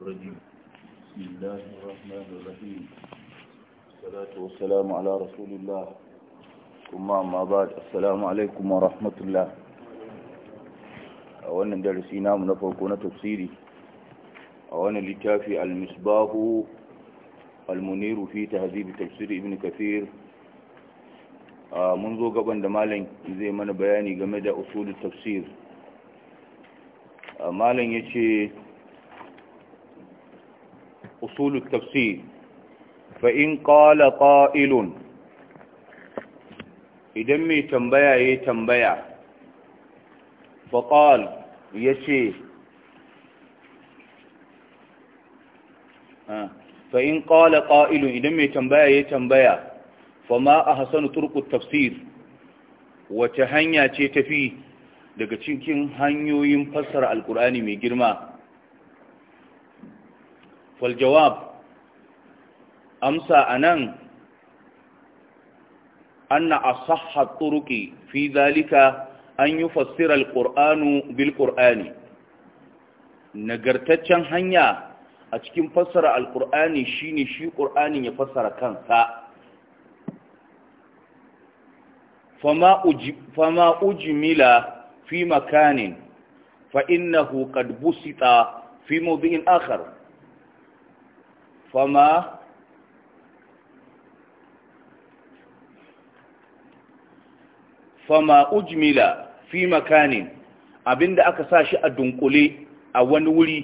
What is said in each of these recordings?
الرجيم بسم الله الرحمن الرحيم الصلاة والسلام على رسول الله ثم أما بعد السلام عليكم ورحمة الله أولا درسينا من فوقنا تفسيري أولا لتافي المصباح المنير في تهذيب تفسير ابن كثير منذ قبل دمالين زي ما أنا بياني قمد أصول التفسير مالين يشي أصول التفسير فإن قال قائل idan mai tambaya ya tambaya faƙal ya ce fa'in ƙa'ilun idan mai tambaya ya tambaya fama a hasanu turkut tafsir wace hanya ce tafi daga cikin hanyoyin fassara Alƙur'ani mai girma wal jawab amsa anan anna asahha turuki fi zalika an yufassira alqur'anu bil qur'ani nagartaccen hanya a cikin fassara alqur'ani shine shi qur'anin ya fassara kansa fama ujmila fi makanin fa innahu qad busita fi mawdi'in akhar fama fama ujmila fi makanin abinda aka sa shi a dunkule a wani wuri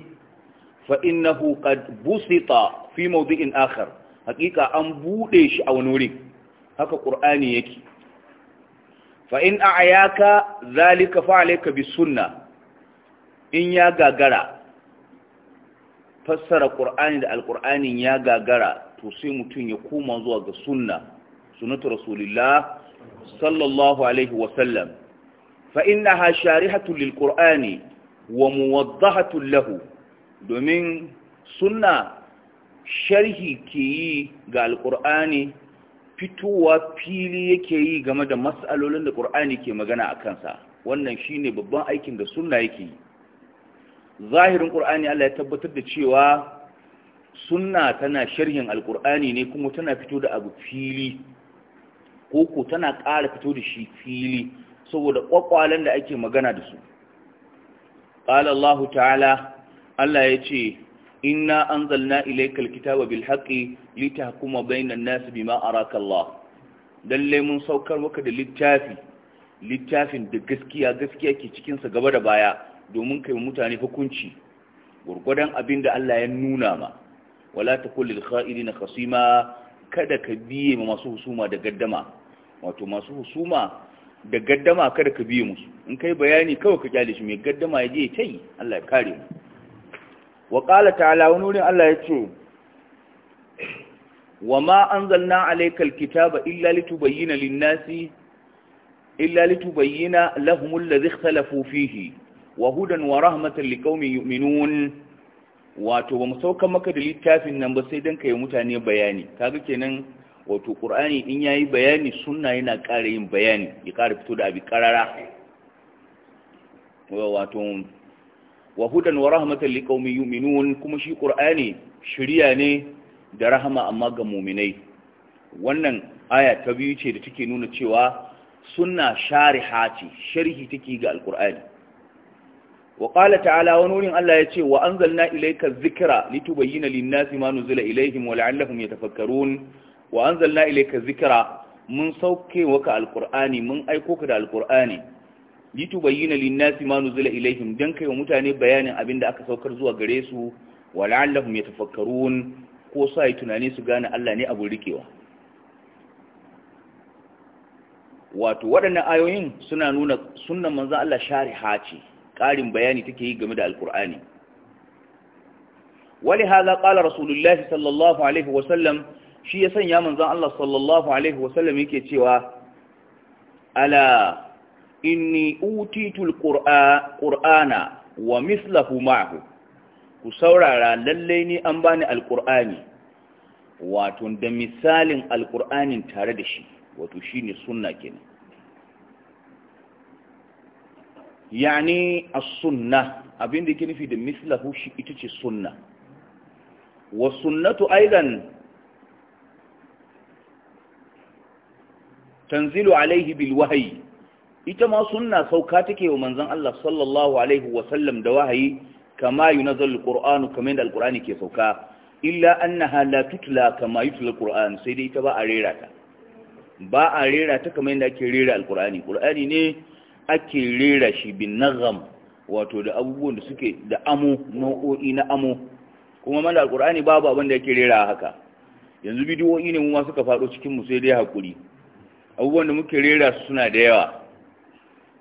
fa innahu qad busita fi mawdi'in akhar hakika an bude shi a wani wuri haka qur'ani yake fa in ayyaka zalika fa alayka bis in ya gagara fassara ƙur'ani da alƙur'anin ya gagara to sai mutum ya koma zuwa ga sunna sunatu rasulillah sallallahu alaihi wasallam fa sharihatun lil wa muwaddahatun lahu domin sunna sharhi ke yi ga alƙur'ani fitowa fili yake yi game da matsalolin da ƙur'ani ke magana a kansa wannan shine babban aikin da sunna yake yi zahirin ƙur'ani Allah ya tabbatar da cewa sunna tana sharhin alƙur'ani ne kuma tana fito da abu fili ko ko tana ƙara fito da shi fili saboda ƙwaƙwalen da ake magana da su ƙala Allah ta'ala Allah ya ce inna an anzalna Ilaikal kitaba bil lita kuma bainan nasu bima araka Allah don mun saukar maka da littafi littafin da gaskiya gaskiya ke cikinsa gaba da baya domin kai mutane hukunci gurgurdan abin da Allah ya nuna ma wala ta takul lil kha'ilina khasima kada ka biye ma masu husuma da gaddama wato masu husuma da gaddama kada ka biye musu in kai bayani kawai ka kyale shi mai gaddama ya je ya tai Allah ya kare mu wa qala ta'ala wani wurin Allah ya ce wa ma anzalna alayka alkitaba illa litubayyana lin-nasi illa litubayyana lahum alladhi ikhtalafu fihi wa hudan wa rahmatan liqaumin yu'minun wato ba mu sauka maka da littafin nan ba sai dan kai mutane bayani kaga kenan wato qur'ani in yayi bayani sunna yana ƙara yin bayani ya ƙara fito da abi karara wato wa hudan wa rahmatan liqaumin yu'minun kuma shi qur'ani shiriya ne da rahama amma ga mu'minai wannan aya ta biyu ce da take nuna cewa sunna shariha ce sharhi take ga alqur'ani wa qala ta'ala wa nurin Allah yace wa anzalna ilayka dhikra litubayyana lin-nasi ma nuzila ilayhim wa la'allahum yatafakkarun wa anzalna ilayka dhikra mun sauke waka alqur'ani mun aiko ka da alqur'ani litubayyana lin-nasi ma nuzila ilayhim dan kai wa mutane bayanin abinda aka saukar zuwa gare su wa la'allahum yatafakkarun ko sai tunani su gane Allah ne abu rikewa wato waɗannan ayoyin suna nuna sunnan manzon Allah shariha ce ƙarin bayani take yi game da Alƙur'ani. wani haza ƙala rasulullahi sallallahu alaihi wasallam shi ya sanya manzan Allah sallallahu alaihi wasallam yake cewa ala inni utitul qur'ana wa mislahu ma'ahu ku saurara lallai ni an bani alkur'ani wato da misalin Alƙur'ani tare da shi wato shine sunna kenan yani a sunna abin da ke nufi da mislahu shi ita ce sunna wa sunnatu aidan tanzilu alaihi bil wahyi ita ma sunna sauka take wa manzan Allah sallallahu alaihi Wasallam da wahayi kama yunazzal qur'anu kamar yadda alqur'ani ke sauka illa annaha la tutla kama yutla alqur'an sai dai ita ba a rera ta ba a rera ta kamar yadda ake rera alqur'ani qur'ani ne ake rera shi bin nazam wato da abubuwan da suke da amo nau'o'i na amo kuma mana alkur'ani babu abin da yake rera haka yanzu bidiyo'i ne mu ma suka faɗo cikin mu sai dai hakuri abubuwan da muke rera su suna da yawa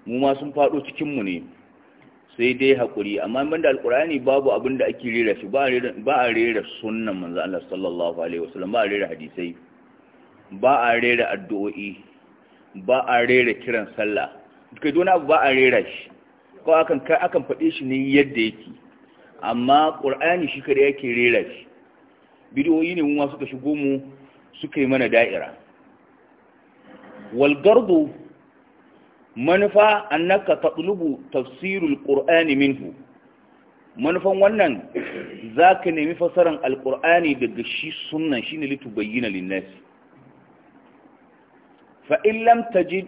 mu ma sun faɗo cikin mu ne sai dai hakuri amma ban da alkur'ani babu abin da ake rera shi ba a rera sunnan manzo Allah sallallahu alaihi wasallam ba a rera hadisai ba a rera addu'o'i ba a rera kiran sallah kai dona abu ba a rera shi ko akan kai akan faɗe shi ne yadda yake amma ƙur'ani shi kada yake rera shi bidiyoyi ne mun suka shigo mu suka yi mana da'ira wal gardu manufa annaka tatlubu tafsirul qur'ani minhu manufan wannan za ka nemi fasaran alƙur'ani daga shi sunan shi ne litu bayyana linnasi fa'illam ta ji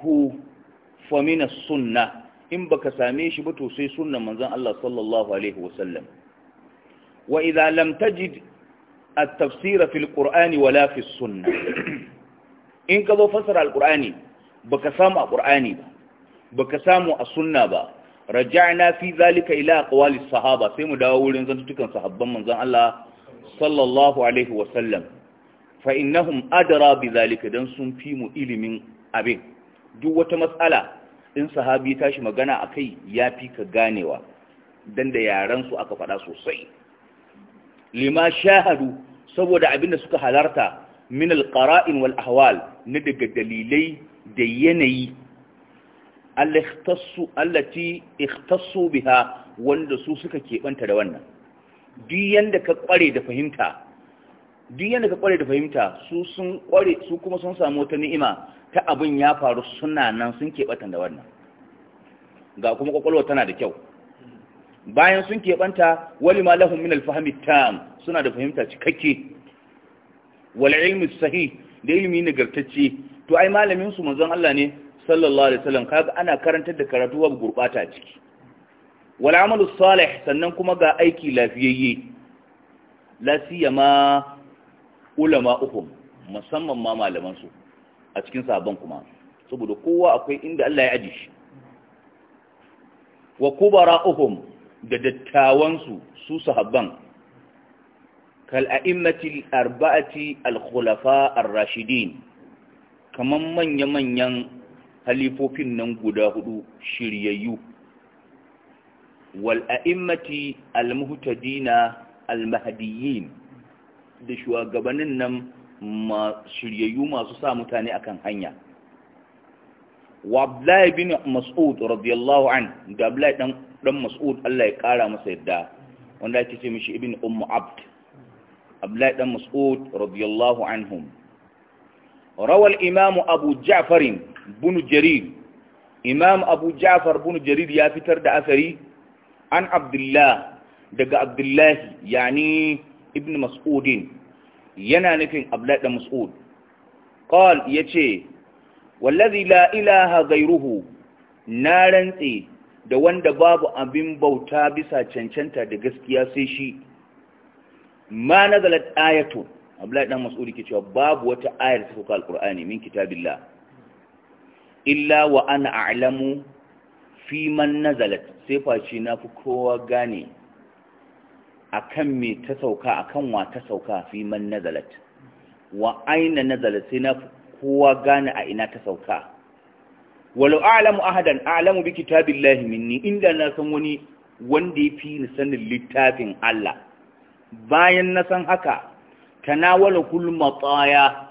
hu famina sunna in baka same shi ba to sai sunnan manzon Allah sallallahu alaihi wa idza lam tajid at-tafsira fil qur'ani wala fi sunna in ka zo fasara al-qur'ani baka samu a qur'ani ba baka samu a sunna ba raja'na fi zalika ila aqwali sahaba sai mu dawo wurin zantukan sahabban manzon Allah sallallahu alaihi sallam fa innahum adra bi zalika dan sun fi mu ilimin abin duk wata matsala in sahabi tashi magana a kai ya fi ka ganewa don da yarensu aka faɗa sosai lima shahadu saboda abinda suka halarta min alƙara'in wal ahwal na daga dalilai da yanayi allati ikhtassu biha wanda su suka keɓanta da wannan duk yanda ka ƙware da fahimta duk yadda ka kware da fahimta su sun kware su kuma sun samu wata ni'ima ta abin ya faru suna nan sun da wannan ga kuma kwakwalwa tana da kyau bayan sun keɓanta wali ma lahun min tam suna da fahimta cikakke wal ilmi sahi da ilmi nagartacce to ai malamin su manzon Allah ne sallallahu alaihi wasallam kaga ana karantar da karatu babu gurbata ciki wal amalu salih sannan kuma ga aiki lafiyayye lasiyama. ulama uku musamman ma malamansu a cikin sabon kuma saboda kowa akwai inda Allah ya aji shi wa kubara uhum da dattawansu su su sahabban kal a'immati arba'ati al-khulafa ar-rashidin kaman manya-manyan halifofin nan guda hudu shiryayyu wala'immati a'immati al-muhtadina al-mahdiyyin da shugabannin nan shiryayyu masu sa mutane akan hanya wa abdullahi bin mas'ud radiyallahu an da abdullahi dan dan mas'ud Allah ya kara masa yadda wanda ake ce mishi ibn ummu abd abdullahi dan mas'ud radiyallahu anhum rawal imam abu ja'far bin jarir imam abu ja'far bin jarir ya fitar da asari an Abdullahi. daga abdullahi yani ibn mas'udin yana nufin abdullahi dan mas'ud qal yace wallazi la ilaha ghayruhu na rantse da wanda babu abin bauta bisa cancanta da gaskiya sai shi ma nazalat ayatu abdullahi mas'ud yake cewa babu wata ayar ta alqur'ani min kitabillah illa wa ana a'lamu fi man nazalat sai face na fi kowa gane akan me ta sauka akan wa ta sauka fi man nazalat wa aina nazalat sai na kowa gane a ina ta sauka walau a'lamu ahadan a'lamu bi kitabillahi minni inda na san wani wanda ya fi ni sanin littafin Allah bayan na san haka tanawala kul mataya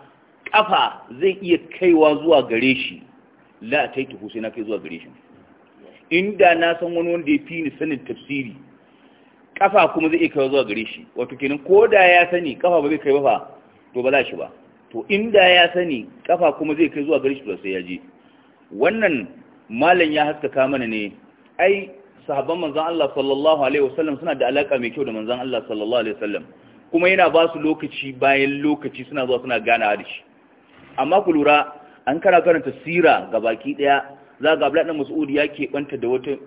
kafa zai iya kaiwa zuwa gare shi la taitu sai na kai zuwa gare shi inda na san wani wanda ya fi ni sanin tafsiri kafa kuma zai iya kai zuwa gare shi wato kenan ko da ya sani kafa ba zai kai ba fa to ba za shi ba to inda ya sani kafa kuma zai kai zuwa gare shi to sai ya je wannan malam ya haskaka mana ne ai sahabban manzon Allah sallallahu alaihi wasallam suna da alaka mai kyau da manzon Allah sallallahu alaihi wasallam kuma yana ba su lokaci bayan lokaci suna zuwa suna gana da shi amma ku lura an karanta sira ga baki daya za ga Abdullahi Mas'ud ya keɓanta da wata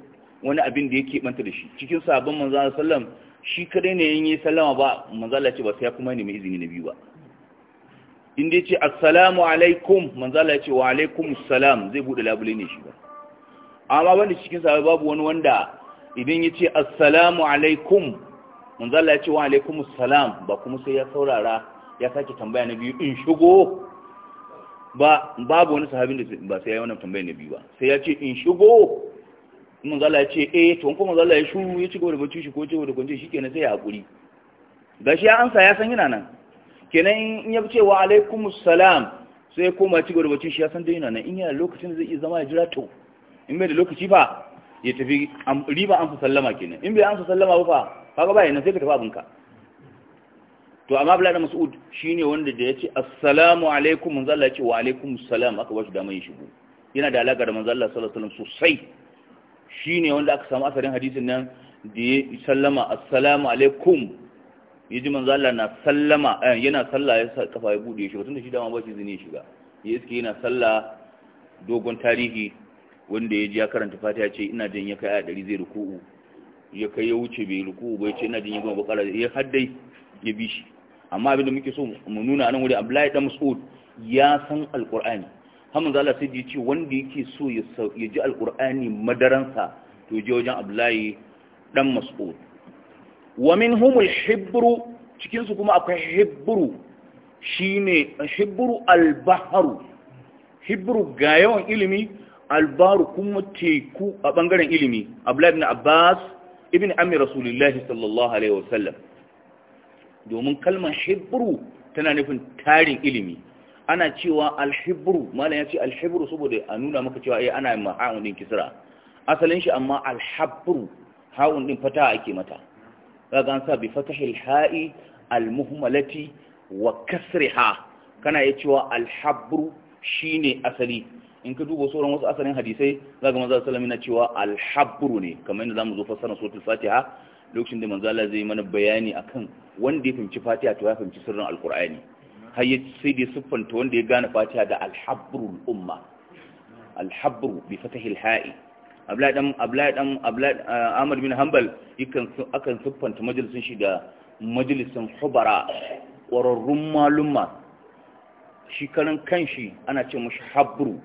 wani abin da yake banta da shi cikin sabon manzan sallam shi kadai ne yin yi sallama ba manzan Allah ce ba sai ya kuma nemi izini na biyu ba inda ya ce assalamu alaikum manzan ya ce wa alaikum salam zai buɗe labule ne shi ba amma wanda cikin sabon babu wani wanda idan ya ce assalamu alaikum manzan ya ce wa alaikum salam ba kuma sai ya saurara ya sake tambaya na biyu in shigo ba babu wani sahabin da ba sai ya yi wannan tambayar na biyu ba sai ya ce in shigo manzala ya ce eh to kuma manzala ya shuru ya ci gaba da bacci shi ko ci gaba da kwance shi kenan sai ya hakuri gashi ya ansa ya san yana nan kenan in ya ce wa alaikumus salam sai ya koma ci gaba da bacci shi ya san dai yana nan in yana lokacin da zai iya zama ya jira to in bai da lokaci fa ya tafi riba an fi sallama kenan in bai an fi sallama ba fa kaga ba yana sai ka tafi abinka to amma bala da mas'ud shine wanda da yace assalamu alaikum mun Allah ya ce wa alaikumus salam aka ba shi da mai shigo yana da alaka da manzo Allah sallallahu alaihi wasallam sosai Shi ne wanda aka samu asarin hadisin nan da ya sallama assalamu alaikum ya ji manzo Allah na sallama eh, yana salla ya sa kafa ya buɗe shi da shi dama ba shi zini shiga ya iske yana sallah dogon tarihi wanda ya ji ya karanta ya ce ina jin ya kai a ɗari zai ruku'u ya kai ya wuce bai ruku'u ya ce ina jin ya gama bakara ya haddai ya bi shi amma abin da muke so mu nuna nan wuri Abdullahi dan Mas'ud ya san alƙur'ani hamman zala sai ce wanda yake so ya ji alkur'ani madaransa to je wajen abdullahi dan mas'ud wa humul hibru cikinsu kuma akwai hibru shine hibru albaharu hibru ga yawan ilimi albaru kuma teku a bangaren ilimi abdullahi ibn abbas ibn ammi rasulullahi sallallahu alaihi wasallam domin kalmar hibru tana nufin tarin ilimi ana cewa alhibru malam ya ce alhibru saboda a nuna maka cewa eh ana ma ha'un din kisra asalin shi amma alhabru ha'un din fata ake mata kaga an bi fatahil ha'i almuhmalati wa kasriha kana ya cewa alhabru shine asali in ka duba sauran wasu asalin hadisai zaka manzo sallallahu alaihi cewa alhabru ne kamar yadda zamu zo fassara suratul fatiha lokacin da manzo Allah zai mana bayani akan wanda ya fahimci fatiha to ya fahimci sirrin alqur'ani har sai ya siffanta wanda ya gane fatiha da alhabrul umma alhabru bi fatahil ha'i abdullahi dan abdullahi eh, bin Hanbal yakan akan siffanta majalisin shi da majalisin hubara ƙwararrun malumma shi karan kanshi ana ce mashi habru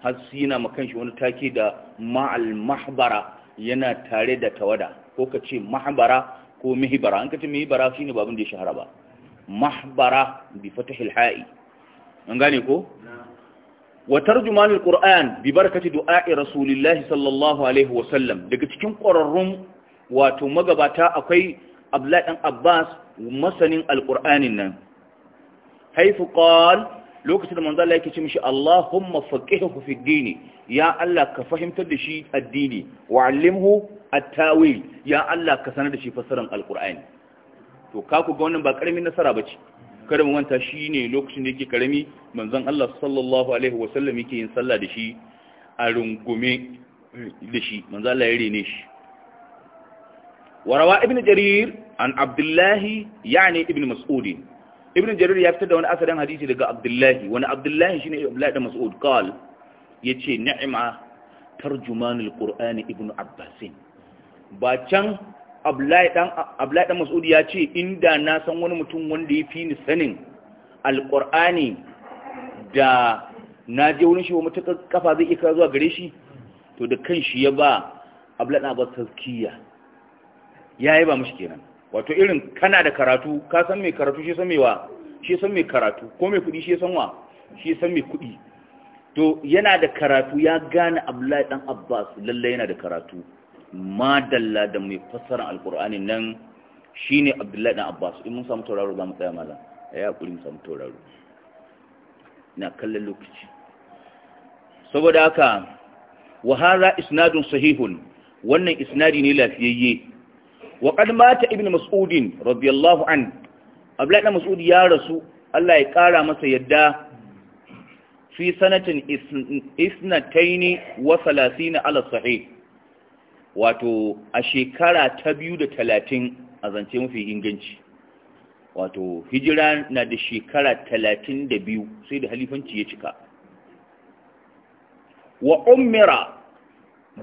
har su yana ma kanshi wani take da ma'al mahbara yana tare da tawada ko ka ce mahbara ko mihibara an ka ce mihibara shine babin da ya shahara ba mahbara bi fatahil ha'i an gane ko wa al qur'an bi barakati du'a'i rasulillahi sallallahu alaihi wa sallam daga cikin ƙwararrun wato magabata akwai abdullahi dan abbas masanin alqur'anin nan haifu qal lokacin da manzo Allah yake ce mishi Allahumma faqihhu fi dini ya Allah ka fahimtar da shi addini wa allimhu at-tawil ya Allah ka sanar da shi fassaran alqur'ani to ka ku ga wannan ba karamin nasara ba ce kada mu manta shi ne lokacin da yake karami manzon Allah sallallahu alaihi wasallam yake yin sallah da shi a rungume da shi manzon Allah ya rene shi warawa ibnu jarir an abdullahi yani ibnu mas'ud ibnu jarir ya fitar da wani asarin hadisi daga abdullahi wani abdullahi shine abdullahi da mas'ud qal yace ni'ma tarjumanul qur'ani ibnu abbasin ba can abdullahi dan Mas'udu ya ce inda na san wani mutum wanda ya fi ni sanin alqur'ani da na je wurin shi wa mutu kafa zai iya zuwa gare shi to da kan shi ya ba abdullahi dan abbas tazkiya yayi ba mushi kenan wato irin kana da karatu ka san mai karatu shi san mai wa shi san mai karatu ko mai kudi shi san wa shi san mai kudi to yana da karatu ya gane abdullahi dan abbas lalle yana da karatu madalla da mai fassara alkur'ani nan shine abdullahi dan abbas in mun samu tauraro za mu tsaya malam a yi hakuri samu tauraro na kallon lokaci saboda haka wahara isnadun sahihun wannan isnadi ne lafiyayye wa qad mata ibnu mas'udin radiyallahu an abdullahi dan mas'ud ya rasu Allah ya kara masa yadda fi sanatin isnataini wa 30 ala sahih wato a shekara ta biyu da talatin a zance mafi inganci wato hijira na da shekara talatin da biyu sai da halifanci ya cika wa umira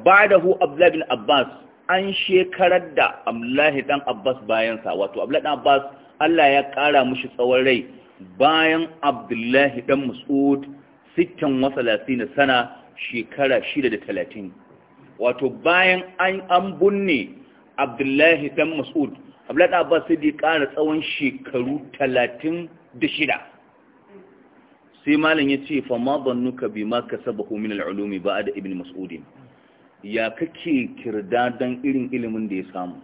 ba da hu bin abbas an shekarar da abdullahi dan abbas bayansa wato abdullabin abbas allah ya kara mushi tsawon rai bayan abdullahi dan mas'ud sittan wasa sana shekara shida da talatin wato bayan an bunne abdullahi dan mas'ud abdullahi abba abbas sai da ya ƙara tsawon shekaru talatin da shida sai malam ya ce fa ma zannuka bi ma kasabahu min al'ulumi ba da ibn mas'ud ya kake kirda dan irin ilimin da ya samu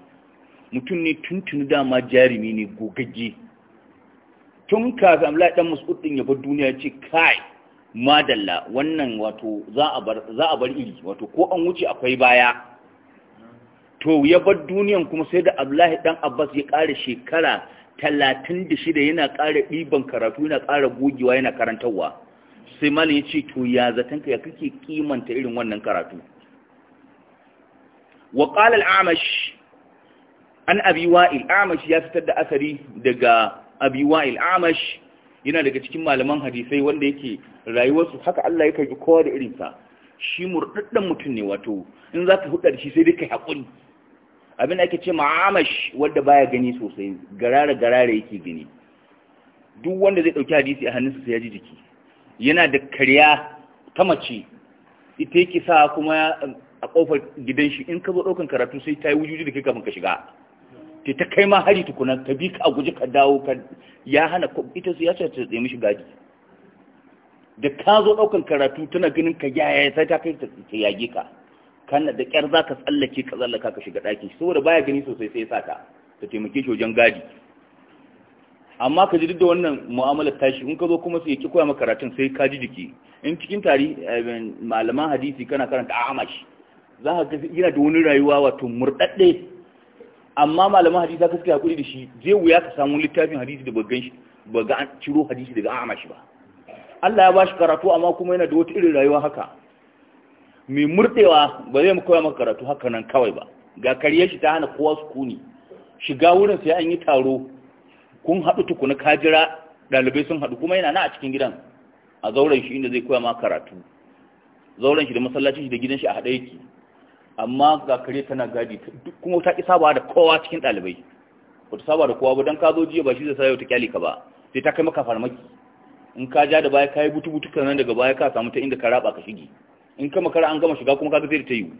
mutum ne tuntuni dama jarumi ne gogagge tun kafin abdullahi dan mas'ud din ya bar duniya ya ce kai madalla wannan wato za a bar iri wato ko an wuce akwai baya to ya bar duniyan kuma sai da abdullahi dan abbas ya kare shekara talatin da shida yana ƙara ɗiban karatu yana ƙara gogewa yana karantarwa sai malam ya ce to ya ka ya kake kimanta irin wannan karatu wa qala al-amash an abi wa'il amash ya fitar da asari daga abi wa'il amash yana daga cikin malaman hadisai wanda yake rayuwarsu haka Allah ya karbi kowa da irinsa shi murdaddan mutum ne wato in za ka huɗa da shi sai dai ka haƙuri abin da ake ce ma'amash wanda baya gani sosai garara garara yake gani duk wanda zai ɗauki hadisi a hannunsa sai ya ji jiki yana da karya ta mace ita yake sa kuma a ƙofar gidan shi in ka zo ɗaukan karatu sai ta yi wujuji da kai kafin ka shiga ta ta kai ma hari tukuna ka bi ka a guji ka dawo ka ya hana ita su ya ce ta tsaye mishi gadi da ka zo ɗaukan karatu tana ganin ka yaya sai ta kai ta yage ka kana da ƙyar za ka tsallake ka tsallaka ka shiga ɗakin saboda baya gani sosai sai ya sa ta taimake shi wajen gadi amma ka ji duk da wannan mu'amalar tashi in ka zo kuma su yake koya maka karatun sai ka ji jiki in cikin tari eh, malaman hadisi kana karanta amash za ka yana da wani rayuwa wato murɗaɗɗe amma malaman hadisi ka suke hakuri da shi zai wuya ka samu littafin hadisi da bagan shi ba ga an ciro hadisi daga a'ama shi ba Allah ya bashi karatu amma kuma yana da wata irin rayuwa haka mai murtewa ba zai mu koya maka karatu haka nan kawai ba ga kariyar shi ta hana kowa kuni shiga wurin sai an yi taro kun haɗu tukuna ka jira ɗalibai sun haɗu kuma yana na a cikin gidan a zauren shi inda zai koya maka karatu zauren shi da masallacin shi da gidan shi a haɗe yake amma ga kare tana gadi kuma ta ki saba da kowa cikin dalibai ba ta saba da kowa ba don ka zo jiya ba shi zai sayo ta kyale ka ba sai ta kai maka farmaki in ka ja da baya ka yi butu-butu kanan daga baya ka samu ta inda ka raba ka shige in ka makara an gama shiga kuma ka zai ta yi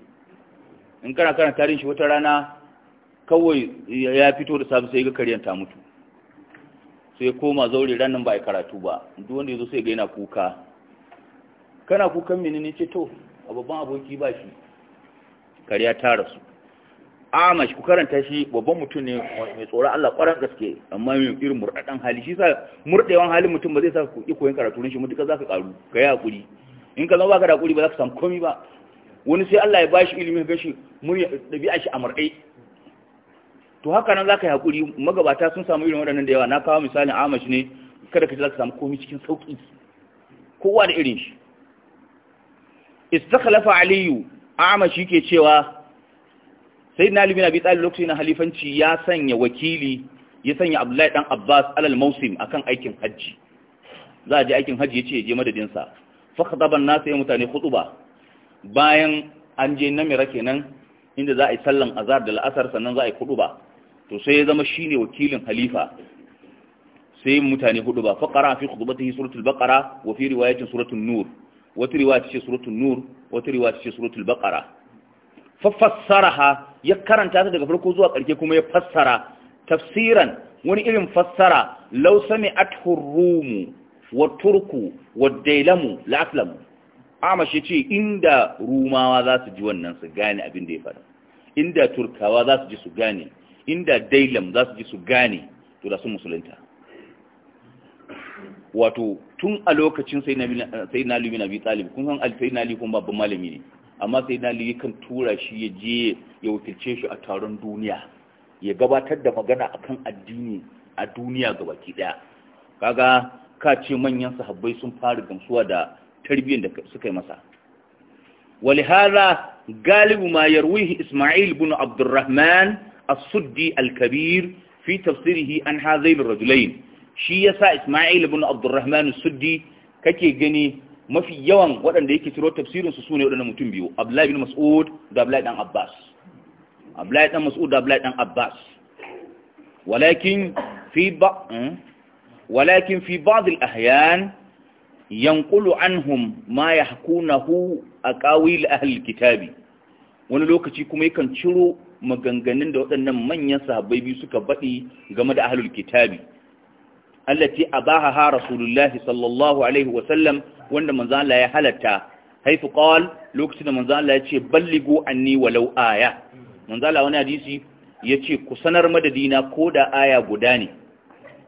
in kana kana tarin shi wata rana kawai ya fito da sabu sai ga karyan ta mutu sai koma zaure ranar ba a karatu ba duk wanda ya zo sai ga yana kuka kana kukan menene ce to a babban aboki ba shi kariya ta rasu amash ku karanta shi babban mutum ne mai tsoron Allah ƙwarar gaske amma mai irin murɗaɗɗen hali shi sa murɗewan halin mutum ba zai sa ku koyon karatu shi mutuka za ka ƙaru ka yi hakuri. in ka zama ba ka da hakuri ba za ka samu komi ba wani sai Allah ya ba shi ilimin ga shi murya ɗabi'a shi a murɗe to haka nan za ka yi haƙuri magabata sun samu irin waɗannan da yawa na kawo misalin amash ne kada ka ji za ka samu komi cikin sauƙi kowa da irin shi istakhalafa aliyu a'ama shi ke cewa sai na libina bi lokaci na halifanci ya sanya wakili ya sanya abdullahi dan abbas alal mausim akan aikin hajji za a je aikin hajji ya ce ya je madadinsa fakadaban na sai mutane hutuba bayan an je namira kenan inda za a yi sallan azar da la'asar sannan za a yi hutuba to sai ya zama shine wakilin halifa sai mutane hutuba faqara fi khutbatihi suratul baqara wa fi riwayatin suratul nur wata riwaya ce suratul nur wata riwaya ta ce suratul baqara fa fassaraha ya karanta ta daga farko zuwa ƙarshe kuma ya fassara tafsiran wani irin fassara law sami'athu rumu wa turku wa dailamu la aslamu amash yace inda rumawa za su ji wannan su gane abin da ya faɗa inda turkawa za su ji su gane inda dailam za su ji su gane to da su musulunta wato tun a lokacin sai na lumina bi talib kun san sai na likun babban malami ne amma sai na kan tura shi ya je ya wakilce shi a taron duniya ya gabatar da magana akan addini a duniya baki daya kaga ka ce manyan sahabbai sun fara gamsuwa da tarbiyyar da suka yi masa walihara galibu ma yarwihi isma'il bin abdurrahman as-suddi al-kabir fi tafsirihi an ar rajulain shi ya sa Isma'il ibn Abdurrahman suddi kake gani mafi yawan waɗanda yake ciro tafsirinsu su sune waɗannan mutum biyu Abdullahi ibn Mas'ud da Abdullahi dan Abbas Abdullahi dan Mas'ud da Abdullahi dan Abbas walakin fi ba hmm? walakin fi ba'd al-ahyan yanqulu anhum ma yahkunahu aqawil ahli kitabi wani lokaci kuma yakan ciro maganganun da waɗannan manyan sahabbai suka baɗi game da ahlul kitabi allati ha rasulullahi sallallahu alaihi wasallam wanda manzo Allah ya halatta haifu qal lokacin da manzo Allah ya ce balligu anni walau aya manzo Allah wani hadisi yace ku sanar madadina koda aya guda ne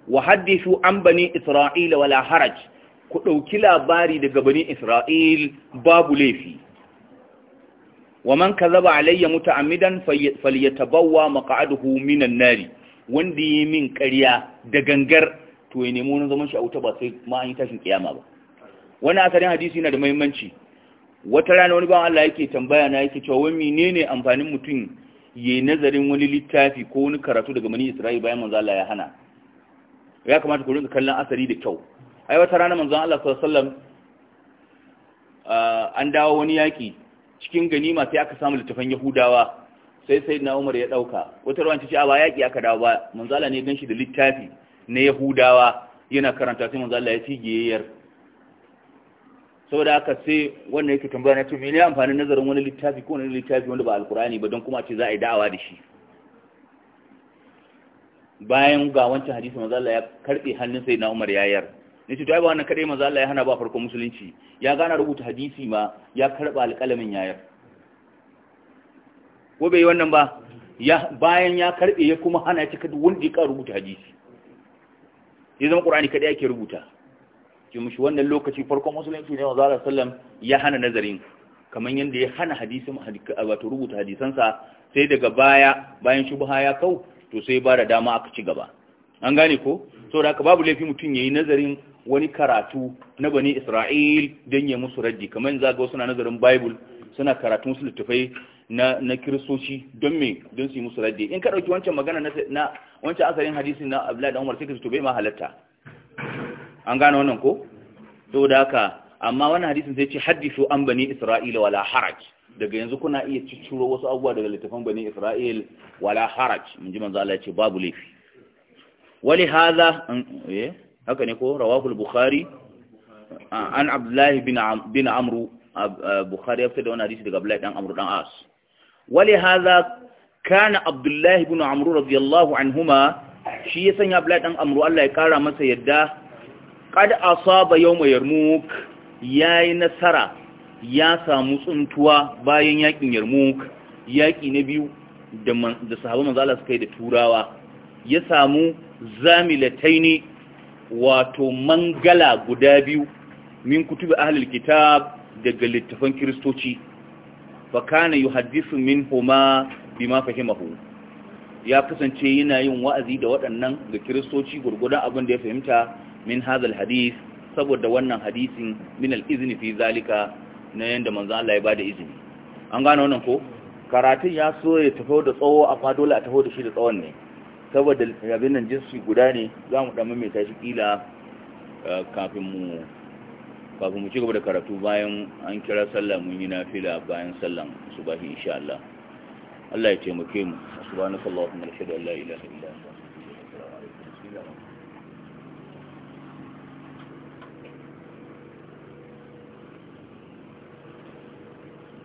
wa haddithu an bani isra'ila wala haraj ku ɗauki labari daga bani isra'il babu laifi wa man kazaba alayya muta'ammidan falyatabawa maq'aduhu minan nari wanda yi min ƙarya da gangar to ya nemo na zaman shi a wuta ba sai ma an yi tashin kiyama ba wannan asalin hadisi yana da muhimmanci wata rana wani bawan Allah yake tambaya na yake cewa wai menene amfanin mutum ya nazarin wani littafi ko wani karatu daga mani Isra'il bayan manzo Allah ya hana ya kamata ku rinka kallon asali da kyau ai wata rana manzo Allah sallallahu an dawo wani yaki cikin ganima sai aka samu littafan Yahudawa sai sai Umar ya dauka wata rawan ce a ba yaki aka dawo ba manzo Allah ne ganshi da littafi na yahudawa yana karanta sai manzo Allah ya ci giyayyar saboda aka sai wannan yake tambaya na to me ne amfanin nazarin wani littafi ko wani littafi wanda ba alkurani ba don kuma a ce za a yi da'awa da shi bayan ga wancan hadisi manzo Allah ya karbe hannun sai na Umar yayar ne ce to ai ba wannan kadai manzo Allah ya hana ba farko musulunci ya gana rubuta hadisi ma ya karba alƙalamin yayar ko bai wannan ba ya bayan ya karbe ya kuma hana ya cika duk wanda ya rubuta hadisi ya zama ƙura'ani kada yake rubuta ki wannan lokaci farkon musulunci ne manzo Allah sallam ya hana nazarin kamar yadda ya hana hadisin wato rubuta hadisansa sai daga baya bayan shubha ya kau to sai ba da dama aka ci gaba an gane ko saboda haka babu laifin mutum ya yi nazarin wani karatu na bani Isra'il don ya musu raddi kamar za ga wasu na nazarin Bible suna karatun su littafai na na kiristoci don me don su yi musu raddi in ka dauki wancan magana na wancan asalin hadisi na Abdullahi dan Umar sai ka to bai ma halatta an gane wannan ko to da haka amma wannan hadisin sai ce hadithu an bani Isra'ila wala haraj daga yanzu kuna iya cicciro wasu abubuwa daga littafan bani Isra'il wala haraj mun ji manzo Allah ya ce babu laifi wali hadha eh haka ne ko rawahu al-bukhari an Abdullahi bin bin Amru Eh, bukhari ya fitar da wani hadisi daga abdullahi Ɗan amru ɗan as wale haza kana abdullahi bin amru radiyallahu anhuma shi ya sanya abdullahi Ɗan amru Allah ya ƙara masa yadda a saba yau mai yarmuk yayi nasara ya samu tsuntuwa bayan yaƙin yarmuk yaƙi na biyu da sahabu sahaba suka yi da turawa ya samu zamilataini wato mangala guda biyu min kutubi ahlul kitab daga littafan kiristoci ba kana yuhaddisu minhuma bima fahimahu ya kasance yana yin wa'azi da waɗannan ga kiristoci gurgudan abin da ya fahimta min hazal hadis saboda wannan hadisin min al fi zalika na yadda manzan Allah ya bada izini an gane wannan ko karatun ya so ya tafi da tsawo a dole a taho da shi da tsawon ne saboda abin nan jinsi guda ne za mu ɗan mai tashi kila eh, kafin mu kafin mu ci gaba da karatu bayan an kira sallah mun yi nafila bayan sallan subahi insha Allah Allah ya taimake mu subhanakallahumma wa bihamdika la ilaha illa anta